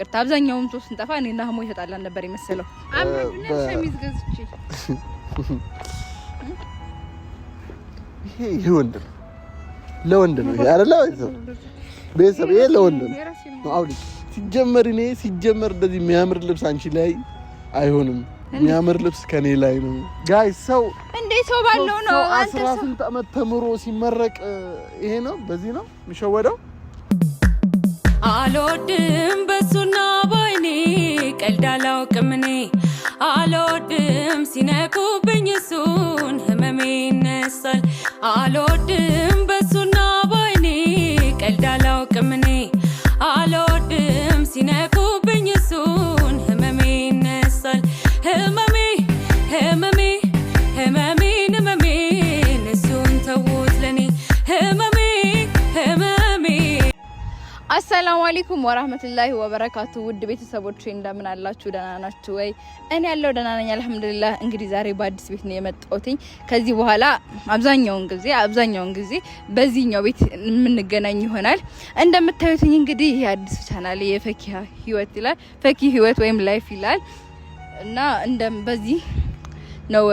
ቅርታ አብዛኛውም ሰው ስንጠፋ እኔና ህሞ የተጣላን ነበር የመሰለው። ይሄ ወንድ ነው፣ ለወንድ ነው ይሄ አይደለ? ቤተሰብ ይሄ ለወንድ ነው። ሲጀመር እኔ ሲጀመር እንደዚህ የሚያምር ልብስ አንቺ ላይ አይሆንም። የሚያምር ልብስ ከኔ ላይ ነው። ጋይ ሰው እንዴ ሰው ባለው ነው። አስራ ስንት ዓመት ተምሮ ሲመረቅ ይሄ ነው፣ በዚህ ነው የሚሸወደው። አልወድም በሱና ባይኔ ቀልድ አላውቅም እኔ አልወድም ሲነኩብኝ እሱን አለይኩም ወራህመቱላሂ ወበረካቱ ውድ ቤተሰቦች እንደምን አላችሁ? ደህና ናችሁ ወይ? እኔ ያለው ደህና ነኝ አልሐምዱሊላህ። እንግዲህ ዛሬ በአዲስ ቤት ነው የመጣሁትኝ። ከዚህ በኋላ አብዛኛውን ጊዜ አብዛኛውን ጊዜ በዚህኛው ቤት የምንገናኝ ይሆናል። እንደምታዩትኝ እንግዲህ ይህ አዲሱ ቻናል የፈኪ ህይወት ይላል፣ ፈኪ ህይወት ወይም ላይፍ ይላል እና በዚህ ነው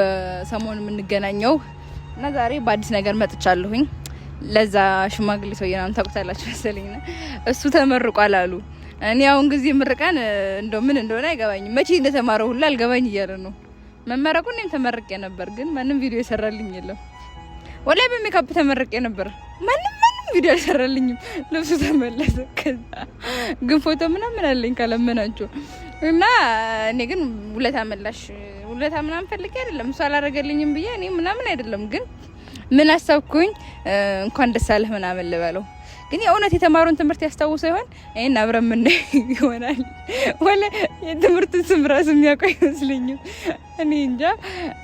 ሰሞኑን የምንገናኘው እና ዛሬ በአዲስ ነገር መጥቻለሁኝ። ለዛ ሽማግሌ ሰው ምናምን ታውቁታላችሁ መሰለኝ እሱ ተመርቋል አሉ። እኔ አሁን ጊዜ ምርቃን እንደ ምን እንደሆነ አይገባኝም፣ መቼ እንደተማረው ሁሉ አልገባኝ እያለ ነው መመረቁ። እኔም ተመርቄ ነበር፣ ግን ማንም ቪዲዮ የሰራልኝ የለም። ወላይ በሜካፕ ተመርቄ ነበር፣ ማንም ማንም ቪዲዮ አልሰራልኝም። ልብሱ ተመለሰ። ከዛ ግን ፎቶ ምናምን አለኝ ካለመናቸው እና እኔ ግን ውለታ መላሽ ውለታ ምናምን ፈልጌ አይደለም እሱ አላረገልኝም ብዬ እኔ ምናምን አይደለም ግን ምን አሰብኩኝ እንኳን ደስ አለህ ምናምን ልበለው። ግን የእውነት የተማሩን ትምህርት ያስታውሰው ይሆን? ይህን አብረን የምናይ ይሆናል። ወላ የትምህርቱን ስም ራሱ የሚያውቀው አይመስለኝም። እኔ እንጃ።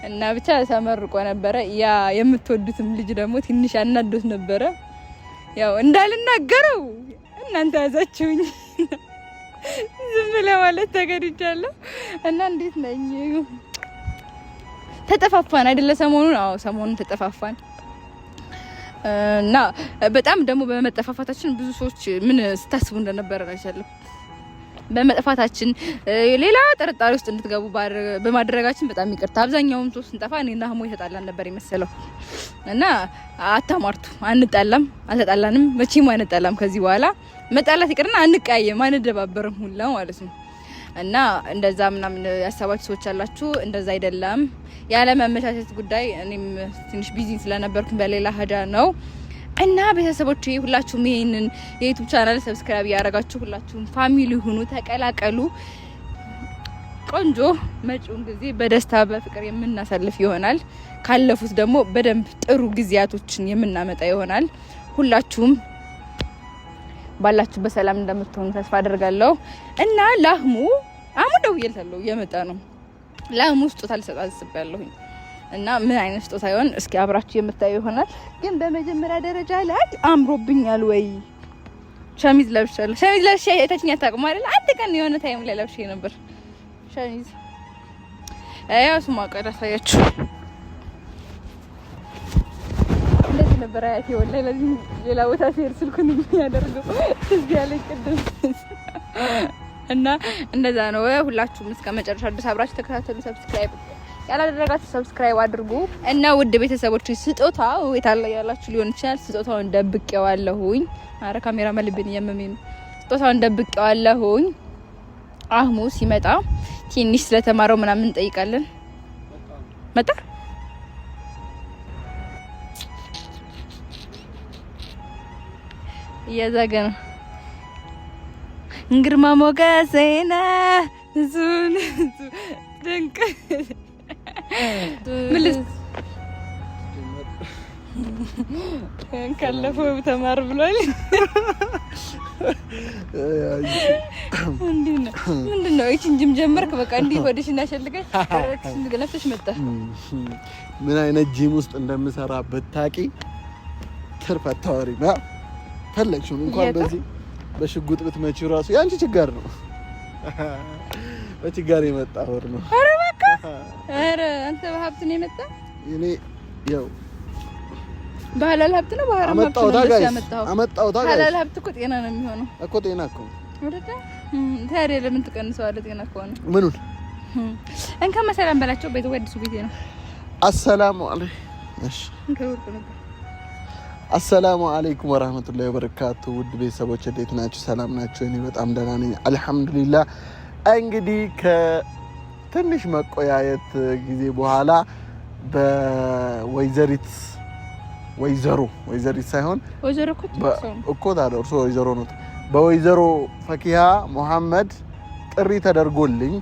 እና ብቻ ተመርቆ ነበረ። ያ የምትወዱትም ልጅ ደግሞ ትንሽ አናዶት ነበረ። ያው እንዳልናገረው እናንተ ያዛችሁኝ ዝም ለማለት ተገድጃለሁ። እና እንዴት ነኝ? ተጠፋፋን አይደለ? ሰሞኑን አዎ፣ ሰሞኑን ተጠፋፋን። እና በጣም ደግሞ በመጠፋፋታችን ብዙ ሰዎች ምን ስታስቡ እንደነበረ አይቻለም። በመጥፋታችን ሌላ ጥርጣሬ ውስጥ እንድትገቡ በማድረጋችን በጣም ይቅርታ። አብዛኛውም ሰው ስንጠፋ እኔና ህሞ የተጣላን ነበር የመሰለው እና አታማርቱ። አንጣላም፣ አልተጣላንም፣ መቼም አንጣላም። ከዚህ በኋላ መጣላት ይቅርና አንቀያየም፣ አንደባበርም ሁላ ማለት ነው። እና እንደዛ ምናምን ያሰባችሁ ሰዎች አላችሁ እንደዛ አይደለም። ያለ መመቻቸት ጉዳይ እኔም ትንሽ ቢዚ ስለነበርኩ በሌላ ሀጃ ነው እና ቤተሰቦች ሁላችሁም ይሄንን የዩቱብ ቻናል ሰብስክራይብ ያደረጋችሁ ሁላችሁም ፋሚሊ ሁኑ፣ ተቀላቀሉ። ቆንጆ መጪውን ጊዜ በደስታ በፍቅር የምናሳልፍ ይሆናል። ካለፉት ደግሞ በደንብ ጥሩ ጊዜያቶችን የምናመጣ ይሆናል። ሁላችሁም ባላችሁ በሰላም እንደምትሆኑ ተስፋ አደርጋለሁ እና ላህሙ አሁን ደውዬልሻለሁ እየመጣ ነው። ለአህሙ ስጦታ ልሰጣት አስቤያለሁኝ እና ምን አይነት ስጦታ ይሆን እስኪ አብራችሁ የምታዩ ይሆናል። ግን በመጀመሪያ ደረጃ ላይ አምሮብኛል ወይ ሸሚዝ ለብሻለሁ። ሸሚዝ ለብሻ የታችኛ ታውቅም አይደል? አንድ ቀን የሆነ ታይም ላይ ለብሼ ነበር ሸሚዝ። ያው ስማ ቀዳ ሳያችሁ እንደዚህ ነበር አያቴ። ወላሂ ለዚህ ሌላ ቦታ ሲሄድ ስልኩን የሚያደርገው እዚህ ያለኝ ቅድም እና እንደዛ ነው። ሁላችሁም እስከ መጨረሻ ድረስ አብራችሁ ተከታተሉ። ሰብስክራይብ ያላደረጋችሁ ሰብስክራይብ አድርጉ እና ውድ ቤተሰቦች ስጦታው ያላችሁ ሊሆን ይችላል። ስጦታውን ደብቄዋለሁኝ። አረ ካሜራ መልብን እያመመኝ ነው። ስጦታውን ደብቄዋለሁኝ። አህሙ ሲመጣ ትንሽ ስለተማረው ምናምን እንጠይቃለን። መጣ እየዘገ ነው ግርማ ሞገሴ ነህ እሱን ድንቅ ካለፈው ተማር ብሏል። ምንድን ነው ምንድን ነው? ጅም ጀመርክ? በቃ እንዲህ ወደሽና ገለፍተሽ መጣ። ምን አይነት ጂም ውስጥ እንደምሰራ ብታቂ ትርፈ ታወሪ ና እንኳን በዚህ በሽጉጥ ብትመቺ ራሱ የአንቺ ችጋር ነው። በችጋር የመጣ ወር ነው። ኧረ በቃ ኧረ አንተ በሀብት ነው የመጣ። እኔ ያው ባህላል ሀብት ነው ባህራም ሀብት ነው ያመጣው። አመጣው ታጋይ ባህላል ሀብት እኮ ጤና ነው የሚሆነው እኮ ጤና እኮ ወደታ ታዲያ ለምን ትቀንሰዋለህ? ጤና ከሆነ ምኑን እንከ መሰላም በላቸው። ቤት ወድሱ ቤቴ ነው። አሰላሙ አለይኩም እሺ እንከ ወርቁ ነው አሰላሙ አለይኩም ወራህመቱላሂ ወበረካቱ ውድ ቤተሰቦች እንዴት ናችሁ? ሰላም ናችሁ? እኔ በጣም ደህና ነኝ አልሐምዱሊላህ። እንግዲህ ከትንሽ መቆያየት ጊዜ በኋላ በወይዘሪት ወይዘሮ ወይዘሪት ሳይሆን ወይዘሮ እኮ ታዲያ እርሶ ወይዘሮ ነው። በወይዘሮ ፈኪሃ ሙሐመድ ጥሪ ተደርጎልኝ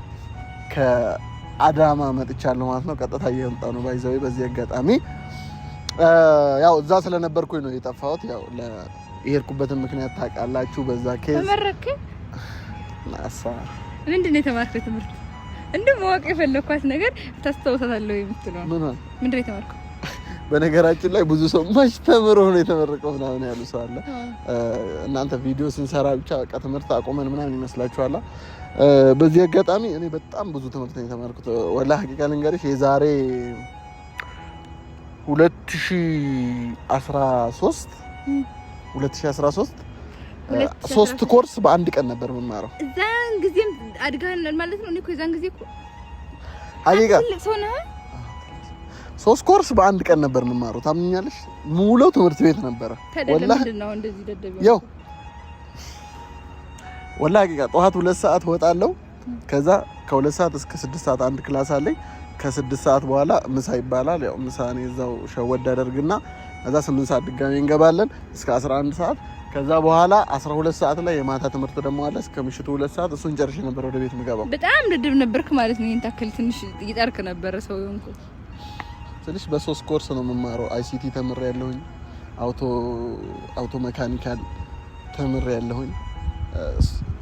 ከአዳማ መጥቻለሁ ማለት ነው። ቀጥታ እየመጣ ነው ባይዘዌ በዚህ አጋጣሚ ያው እዛ ስለነበርኩኝ ነው የጠፋሁት። ያው የሄድኩበትን ምክንያት ታውቃላችሁ። በዛ ኬዝ ተመረክ ናሳ ምንድን ነው የተማርኩት ትምህርት እንደ ማወቅ የፈለኳት ነገር ታስታውሳታለሁ የምትለው ምን ነው ምንድን ነው የተማርኩት? በነገራችን ላይ ብዙ ሰው ማሽ ተምሮ ነው የተመረቀው ምናምን ያሉ ሰው አለ። እናንተ ቪዲዮ ስንሰራ ብቻ በቃ ትምህርት አቁመን ምናምን ይመስላችኋል። በዚህ አጋጣሚ እኔ በጣም ብዙ ትምህርት ነው የተማርኩት። ወላ ሀቂቃ ልንገርሽ የዛሬ 2013 2013 ሶስት ኮርስ በአንድ ቀን ነበር የምማረው። እዛን ጊዜም አድጋለል ማለት ነው። እኔ እኮ የዛን ጊዜ እኮ ሀቂቃ ሶስት ኮርስ በአንድ ቀን ነበር የምማረው። ታምኛለሽ? ሙሉ ትምህርት ቤት ነበረ። ወላ ያው ወላ ሀቂቃ ጠዋት ሁለት ሰዓት እወጣለሁ። ከዛ ከሁለት ሰዓት እስከ ስድስት ሰዓት አንድ ክላስ አለኝ። ከስድስት ሰዓት በኋላ ምሳ ይባላል። ያው ምሳ እኔ እዛው ሸወድ አደርግና እዛ ስምንት ሰዓት ድጋሚ እንገባለን እስከ 11 ሰዓት። ከዛ በኋላ 12 ሰዓት ላይ የማታ ትምህርት ደግሞ አለ እስከ ምሽቱ ሁለት ሰዓት። እሱን ጨርሼ ነበር ወደ ቤት ምገባው። በጣም ድድብ ነበርክ ማለት ነው። ይሄን ታክል ትንሽ ይጠርክ ነበረ ሰው ይሆንኩ ስልሽ በሶስት ኮርስ ነው የምማረው። አይሲቲ ተምር ያለሁኝ፣ አውቶ አውቶ መካኒካል ተምር ያለሁኝ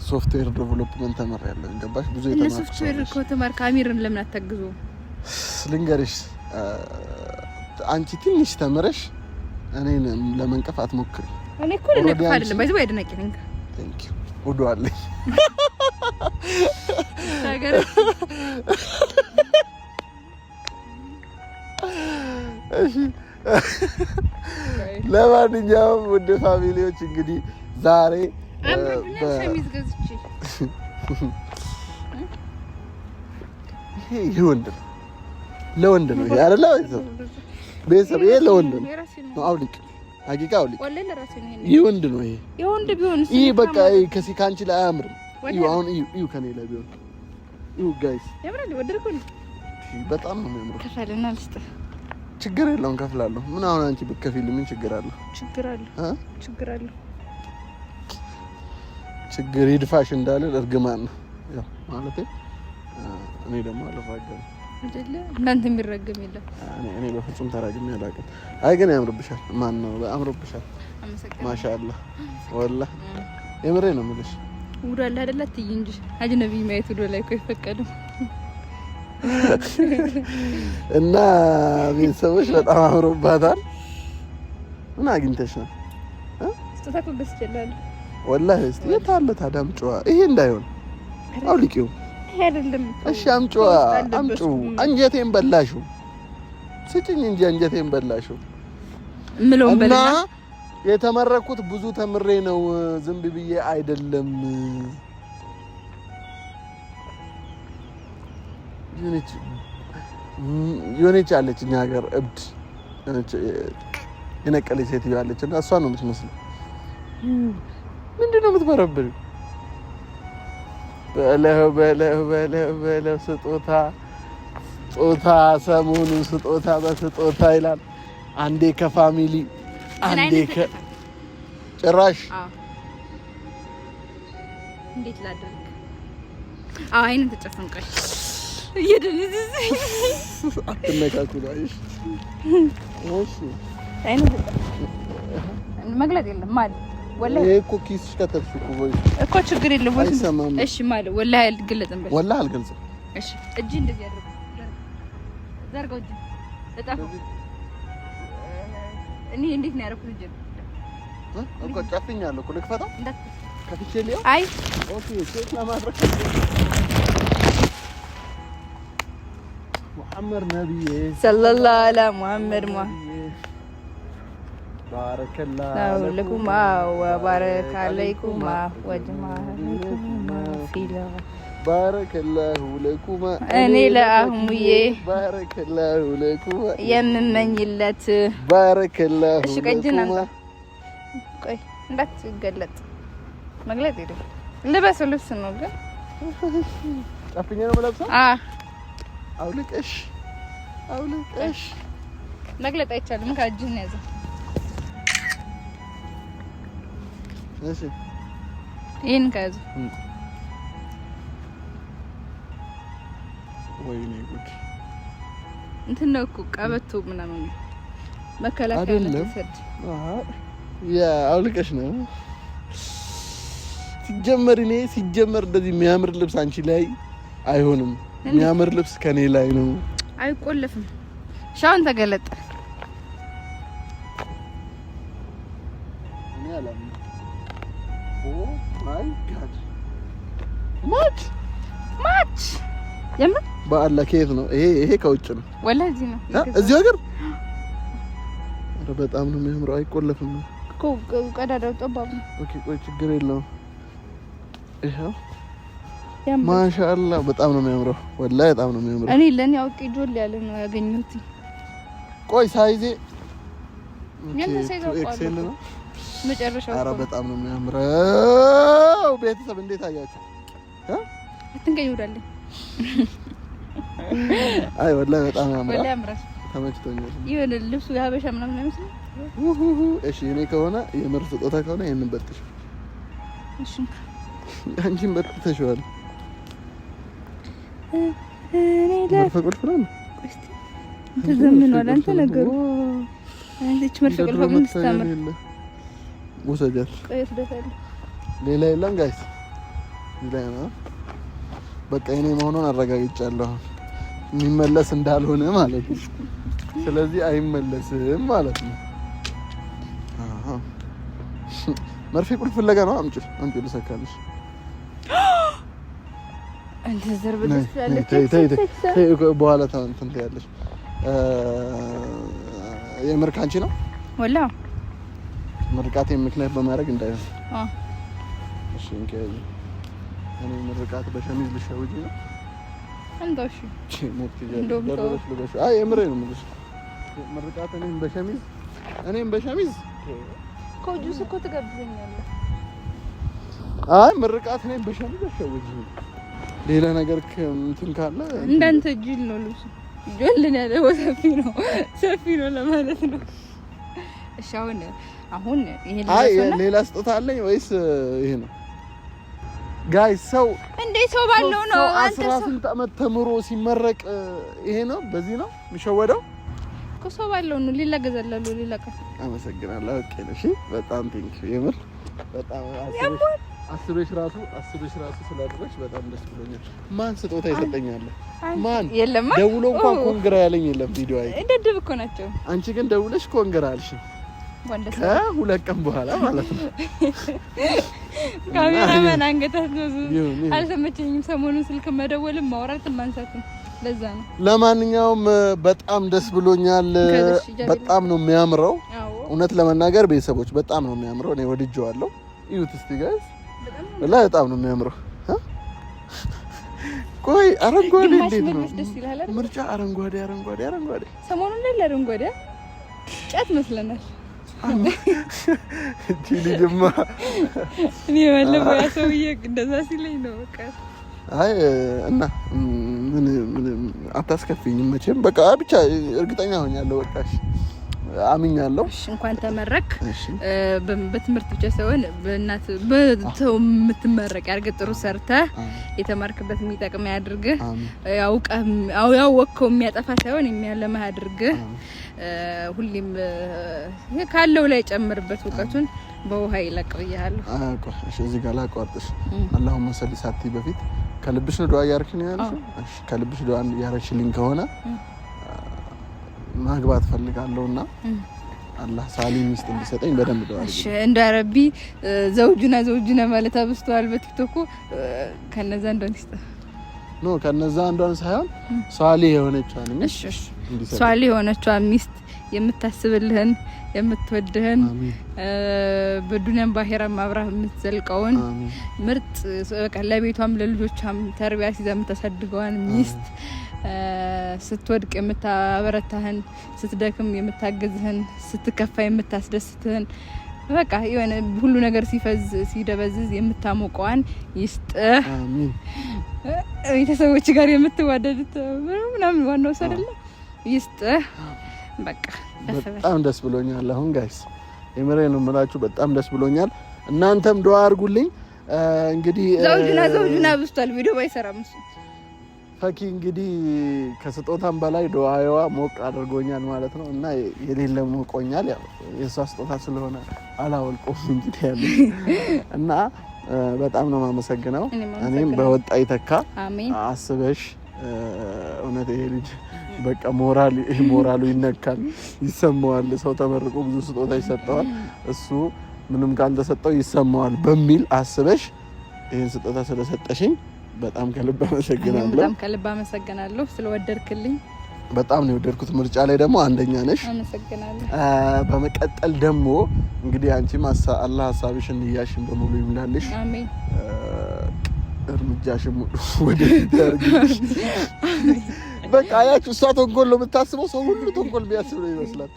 ሶፍትዌር ዴቨሎፕመንት ተመራ ያለን ገባሽ። ብዙ የተማርኩ ሶፍትዌር ከተማርክ አሚርን ለምን አታግዙ? ልንገርሽ፣ አንቺ ትንሽ ተምረሽ እኔን ለመንቀፍ አትሞክሪ። እኔ እኮ ልነቅፍ አይደለም ባይዘው ያደነቂ ነኝ። ቴንክ ዩ እሺ ለማንኛውም ውድ ፋሚሊዎች እንግዲህ ዛሬ ይህ ወንድ ነው ለወንድ ነው ይሄ አይደለ? ቤተሰብ ይሄ ለወንድ ነው። አውልቅ ሀቂቃ አውልቅ። ይሄ ወንድ ነው። ይሄ የወንድ ቢሆን ይሄ በቃ ከአንቺ ላይ አያምርም። አሁን እዩ ከኔ ላይ ቢሆን እዩ። ጋይስ በጣም ነው የሚያምረው። ከፈለና ልስጥህ። ችግር የለውም ከፍላለሁ። ምን አሁን አንቺ ብትከፊል ምን ችግር አለው? ችግር አለው። ችግር ችግር ይድፋሽ እንዳለ እርግማን ነው ያው ማለት እኔ ደግሞ አለፋገ አይደለ? እናንተ የሚረግም የለም። እኔ በፍጹም ተራግሜ አላውቅም። አይ ግን ያምርብሻል። ማን ነው አምሮብሻል። ማሻአላ ወላሂ የምሬ ነው የምልሽ። ውዶ አለ አይደለ? አትይ እንጂ አጅነቢ ማየት ውዶ ላይ እኮ አይፈቀድም። እና ቤተሰቦች በጣም አምሮባታል። ምን አግኝተሽ ነው? ስጦታ እኮ ገዝቼላለሁ ወላሂ። እስኪ የት አለ ታዲያ ምጭዋ? ይሄ እንዳይሆን አውልቂው እሺ አምጩ አምጪ። አንጀቴን በላሹ ስጭኝ እንጂ አንጀቴን በላሽው። ምለውን እና የተመረኩት ብዙ ተምሬ ነው ዝም ብዬ አይደለም። የሆነች አለች እኛ ሀገር እብድ የነቀለች ሴትዮ አለች እና እሷ ነው የምትመስለው። ምንድን ነው የምትበረብሪው? በለው በለው በለው በለው ስጦታ ጾታ ሰሞኑ ስጦታ በስጦታ ይላል። አንዴ ከፋሚሊ አንዴ ከጭራሽ እንዴት ላደርግ? አዎ መግለጥ የለም ማለት ወላሂ እኮ ኪስሽ ከተብሽ እኮ ወይ እኮ ችግር የለም ወይ? እሺ ማለት ወላሂ አልገለጽም። በል ወላሂ አልገልጽም። እሺ እጅ እንደዚህ ያደርጉ ዘርገው እጅ እጠፋው። እኔ እንዴት ነው ያደረኩት? እጅ እኮ ጨፍኛለሁ እኮ ልክፈተው። ከፍቼ ሊያው አይ ኦኬ ቼክ ለማድረግ ሙሐመድ ነብይ ሰለላሁ ዐላ ሙሐመድ ሙሐመድ ለኩማ ወባረከ አለይኩማ ወጅማለኩማ ባረከላሁ ለኩማ እኔ ለአህሙዬ ባረከላሁ ለኩማ የምመኝለት ባረከላሁ እሺ፣ ቀይ እጅህን አንሳ። ቆይ እንዳትገለጥ መግለጥ ሄደ ልበሰው ልብስ ነው ግን ጨፍኜ ነው የምለብሰው። አውልቀሽ አውልቀሽ መግለጥ አይቻልም። እሺ ይሄን ከያዙ ወይኔ ጉድ እንትን ነው እኮ ቀበቶ ምናምን መከላከያ ለተሰድ አሃ አውልቀሽ ነው ሲጀመር። እኔ ሲጀመር እንደዚህ የሚያምር ልብስ አንቺ ላይ አይሆንም። የሚያምር ልብስ ከኔ ላይ ነው። አይቆለፍም። ሻውን ተገለጠ ማች ማች የምር በአላ ከየት ነው ይሄ? ይሄ ከውጭ ነው ወላሂ፣ እዚህ ነው እዚህ ሀገር። ኧረ በጣም ነው የሚያምረው። አይቆለፍም እኮ ቀዳዳው ጠባብ ነው። ኦኬ ቆይ ችግር የለውም። ይሄው ማሻአላ በጣም ነው የሚያምረው። ወላ በጣም ነው የሚያምረው። እኔ ለኔ አውቄ ጆል ያለ ነው ያገኘሁት። ቆይ ሳይዜ ነው መጨረሻው። አረ በጣም ነው የሚያምረው። ቤተሰብ እንዴት አያችሁ? አትንገኝ ወዳለኝ። አይ ወላሂ በጣም ያምራል። ተመችቶኛል። ይሁን ልብሱ የሀበሻ ምናምን አይመስልም። እሺ እኔ ከሆነ የምር ስጦታ ከሆነ ይሄንን በጥሽ። እሺ አንቺን በጥተሽዋል። እኔ መርፌ ቁልፍ ነው ተዘምኗል። አንተ ነገሩ አንቺ መርፌ ቁልፍ ነው ውሰጃት። ሌላ የለም ጋይስ፣ ሌላ ነው በቃ። እኔ መሆኑን አረጋግጫለሁ። የሚመለስ እንዳልሆነ ማለት ነው። ስለዚህ አይመለስም ማለት ነው። መርፌ ቁልፍ ፍለጋ ነው። አምጪ አምጪ፣ ልሰካለሽ። በኋላ እንትን ትያለሽ። የምር ካንቺ ነው ወላ ምርቃት ምክንያት በማድረግ እንዳይሆን። እሺ እንከያይ። እኔ ምርቃት በሸሚዝ ልሸውጂ ነው። የምሬ ነው የምልሽ። ምርቃት እኔም በሸሚዝ እኔም በሸሚዝ እኮ ትገብዘኛለህ። አይ ምርቃት እኔም በሸሚዝ ነው። ሌላ ነገር እንትን ካለ እንዳንተ ነው ልብሱ ጆልን ያለ ሰፊ ነው ሰፊ ነው ለማለት ነው። እሺ ሌላ ስጦታ አለኝ ወይስ ይሄ ነው? ጋይ ሰው እንዴ ሰው ባለው ነው። አንተ ሰው 18 ተምሮ ሲመረቅ ይሄ ነው፣ በዚህ ነው የሚሸወደው። ሰው ባለው ነው። ሌላ ገዛላለሁ። ሌላ ቀን አመሰግናለሁ። ኦኬ ነሽ። በጣም ቴንክ ዩ። የምር በጣም አስበሽ ራሱ አስበሽ ራሱ ስላደረሽ በጣም ደስ ብሎኛል። ማን ስጦታ ይሰጠኛል? ማን ደውሎ እንኳን ኮንግራ ያለኝ የለም። ቪዲዮ አይ እንደ ድብ እኮ ናቸው። አንቺ ግን ደውለሽ ኮንግራ ከሁለት ቀን በኋላ ማለት ነው። ካሜራማን አንገታት ነው። አልተመቸኝም። ሰሞኑን ስልክ መደወልም ማውራትም ማንሳትም ለዛ ነው። ለማንኛውም በጣም ደስ ብሎኛል። በጣም ነው የሚያምረው። እውነት ለመናገር ቤተሰቦች በጣም ነው የሚያምረው። እኔ ወድጄዋለሁ። እዩት እስቲ ጋይስ፣ በጣም ነው የሚያምረው። ቆይ አረንጓዴ እንዴት ነው ምርጫ? አረንጓዴ አረንጓዴ አረንጓዴ ሰሞኑን ላይ አረንጓዴ ጫት መስለናል እቺ ልጅማ እኔ ባለፈው ሰውዬ እንደዛ ሲለኝ ነው በቃ አይ እና ምን ምን አታስከፊኝም መቼም በቃ ብቻ እርግጠኛ ሆኛለሁ በቃ አምኛለሁ። እንኳን ተመረክ። በትምህርት ብቻ ሳይሆን በእናት በተው የምትመረቅ ያድርግህ። ጥሩ ሰርተህ የተማርክበት የሚጠቅም ያድርግህ። ያውቀህ ያወቅከው የሚያጠፋ ሳይሆን የሚያለማህ ያድርግህ። ሁሌም ካለው ላይ ጨምርበት፣ እውቀቱን በውሃ ይለቅብያለሁ። ብያለሁ። እሺ፣ እዚህ ጋር ላቋርጥሽ። አላሁመ ሰሊ ሳቲ በፊት ከልብሽ ነው ዱዓ እያረክሽ ነው ያልሽው። ከልብሽ ዱዓ እያረክሽልኝ ከሆነ ማግባት ፈልጋለሁ ፈልጋለሁና አላህ ሳሊ ሚስት እንዲሰጠኝ በደንብ ደዋ እሺ። እንደ ረቢ ዘውጁና ዘውጁና ማለት አብስተዋል በቲክቶኩ ከነዛ እንደሆነ ይስጠ ኖ ከነዛ አንዷን ሳይሆን ሷሊ የሆነችዋን ሚስት ሷሊ የሆነችዋን ሚስት የምታስብልህን የምትወድህን በዱንያም ባሄራም አብራህ የምትዘልቀውን ምርጥ ለቤቷም ለልጆቿም ተርቢያ ሲዘ የምታሳድገዋን ሚስት ስትወድቅ የምታበረታህን ስትደክም የምታገዝህን ስትከፋ የምታስደስትህን በቃ የሆነ ሁሉ ነገር ሲፈዝ ሲደበዝዝ የምታሞቀዋን ይስጥ። ቤተሰቦች ጋር የምትዋደዱት ምናምን ዋናው ሰደለ አይደለ ይስጥ። በቃ በጣም ደስ ብሎኛል። አሁን ጋይስ የምሬ ነው የምላችሁ፣ በጣም ደስ ብሎኛል። እናንተም ዱአ አድርጉልኝ። እንግዲህ ዘውጁና ዘውጁና ብስቷል። ቪዲዮ ባይሰራም እሱ ተኪ እንግዲህ ከስጦታም በላይ ድዋዋ ሞቅ አድርጎኛል ማለት ነው እና የሌለ ሞቆኛል። የእሷ ስጦታ ስለሆነ አላወልቆም እንግዲህ ያለ እና በጣም ነው የማመሰግነው። እኔም በወጣ ይተካ አስበሽ እውነት ይሄ ልጅ በቃ ሞራሉ ይነካል፣ ይሰማዋል። ሰው ተመርቆ ብዙ ስጦታ ይሰጠዋል፣ እሱ ምንም ካልተሰጠው ይሰማዋል በሚል አስበሽ ይህን ስጦታ ስለሰጠሽኝ በጣም ከልብ አመሰግናለሁ። በጣም ከልብ አመሰግናለሁ ስለወደድክልኝ። በጣም ነው የወደድኩት። ምርጫ ላይ ደግሞ አንደኛ ነሽ። አመሰግናለሁ። በመቀጠል ደግሞ እንግዲህ አንቺም አላህ ሀሳብሽን ንያሽን በሙሉ ይምላልሽ። አሜን። እርምጃሽ ሙሉ ወደ ያርግልሽ። በቃ አያችሁ፣ እሷ ተንኮል ነው የምታስበው። ሰው ሁሉ ተንኮል ቢያስብ ነው ይመስላል።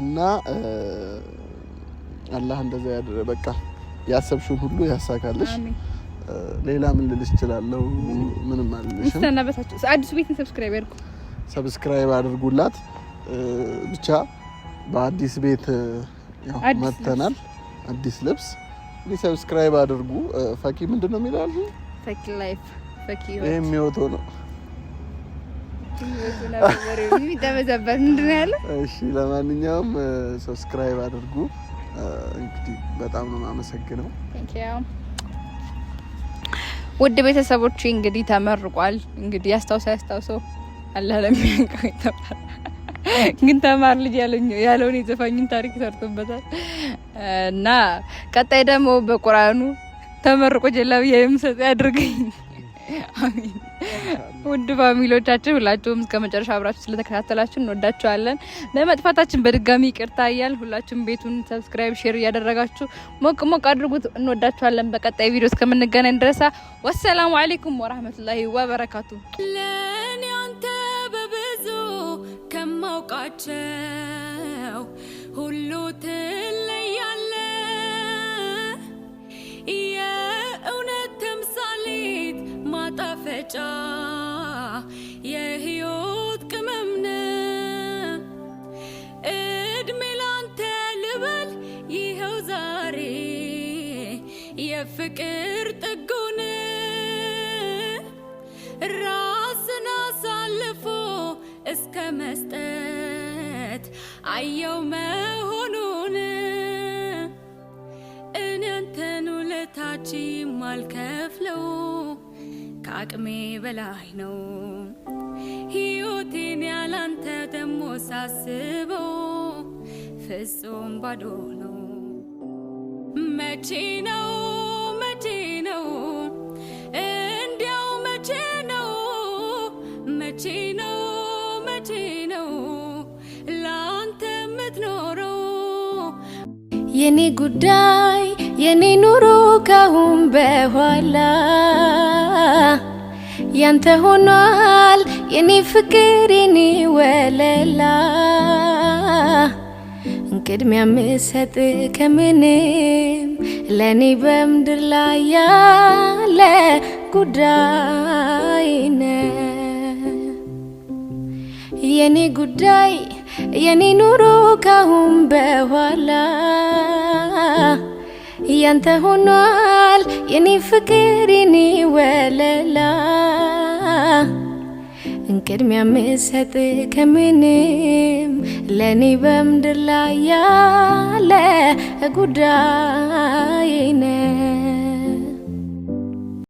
እና አላህ እንደዛ ያደረ በቃ ያሰብሽውን ሁሉ ያሳካልሽ። ሌላ ምን ልልሽ እችላለሁ? ምንም አልልሽ። ሰናበታችሁ። አዲሱ ቤትን ሰብስክራይብ አድርጉ፣ ሰብስክራይብ አድርጉላት። ብቻ በአዲስ ቤት ያው መተናል። አዲስ ልብስ እንግዲህ ሰብስክራይብ አድርጉ። ፈኪ ምንድን ነው የሚላሉ? ፈኪ ላይፍ ፈኪ ይሄ የሚወጣው ነው የሚደበዘበት ምንድን ነው እሺ ለማንኛውም ሰብስክራይብ አድርጉ። እንግዲህ በጣም ነው የማመሰግነው። ውድ ቤተሰቦች እንግዲህ ተመርቋል። እንግዲህ ያስታውሰ ያስታውሰው አላህ ለሚያውቀው ይተባል። ግን ተማር ልጅ ያለውን የዘፋኝን ታሪክ ሰርቶበታል እና ቀጣይ ደግሞ በቁርአኑ ተመርቆ ጀላብ የምሰጥ ያድርገኝ። አሚን ውድ ፋሚሊዎቻችን ሁላችሁም እስከ መጨረሻ አብራችሁ ስለተከታተላችሁ እንወዳችኋለን። ለመጥፋታችን በድጋሚ ይቅርታ እያል ሁላችሁም ቤቱን ሰብስክራይብ፣ ሼር እያደረጋችሁ ሞቅ ሞቅ አድርጉት። እንወዳችኋለን። በቀጣይ ቪዲዮ እስከምንገናኝ ድረሳ ወሰላሙ አሌይኩም ወራህመቱላሂ ወበረካቱ። ለእኔ አንተ በብዙ ከማውቃቸው ሁሉ ትለይ በላይ ነው ሕይወቴን ያላንተ ደሞ ሳስበው ፍጹም ባዶ ነው። መቼ ነው መቼ ነው እንዲያው መቼ ነው መቼ ነው መቼ ነው ለአንተ የምትኖረው የኔ ጉዳይ የኔ ኑሮ ካሁን በኋላ ያንተ ሆኗል የኔ ፍቅር የኔ ወለላ ቅድሚያ ምሰጥ ከምንም ለእኔ በምድር ላይ ያለ ጉዳይ ነ የኔ ጉዳይ የኔ ኑሮ ካሁን በኋላ ያንተ ሆኗል የኔ ፍቅር የኔ ወለላ ቅድሚያ ምሰጥ ከምንም ለኔ በምድር ላይ ያለ ጉዳይ ነው።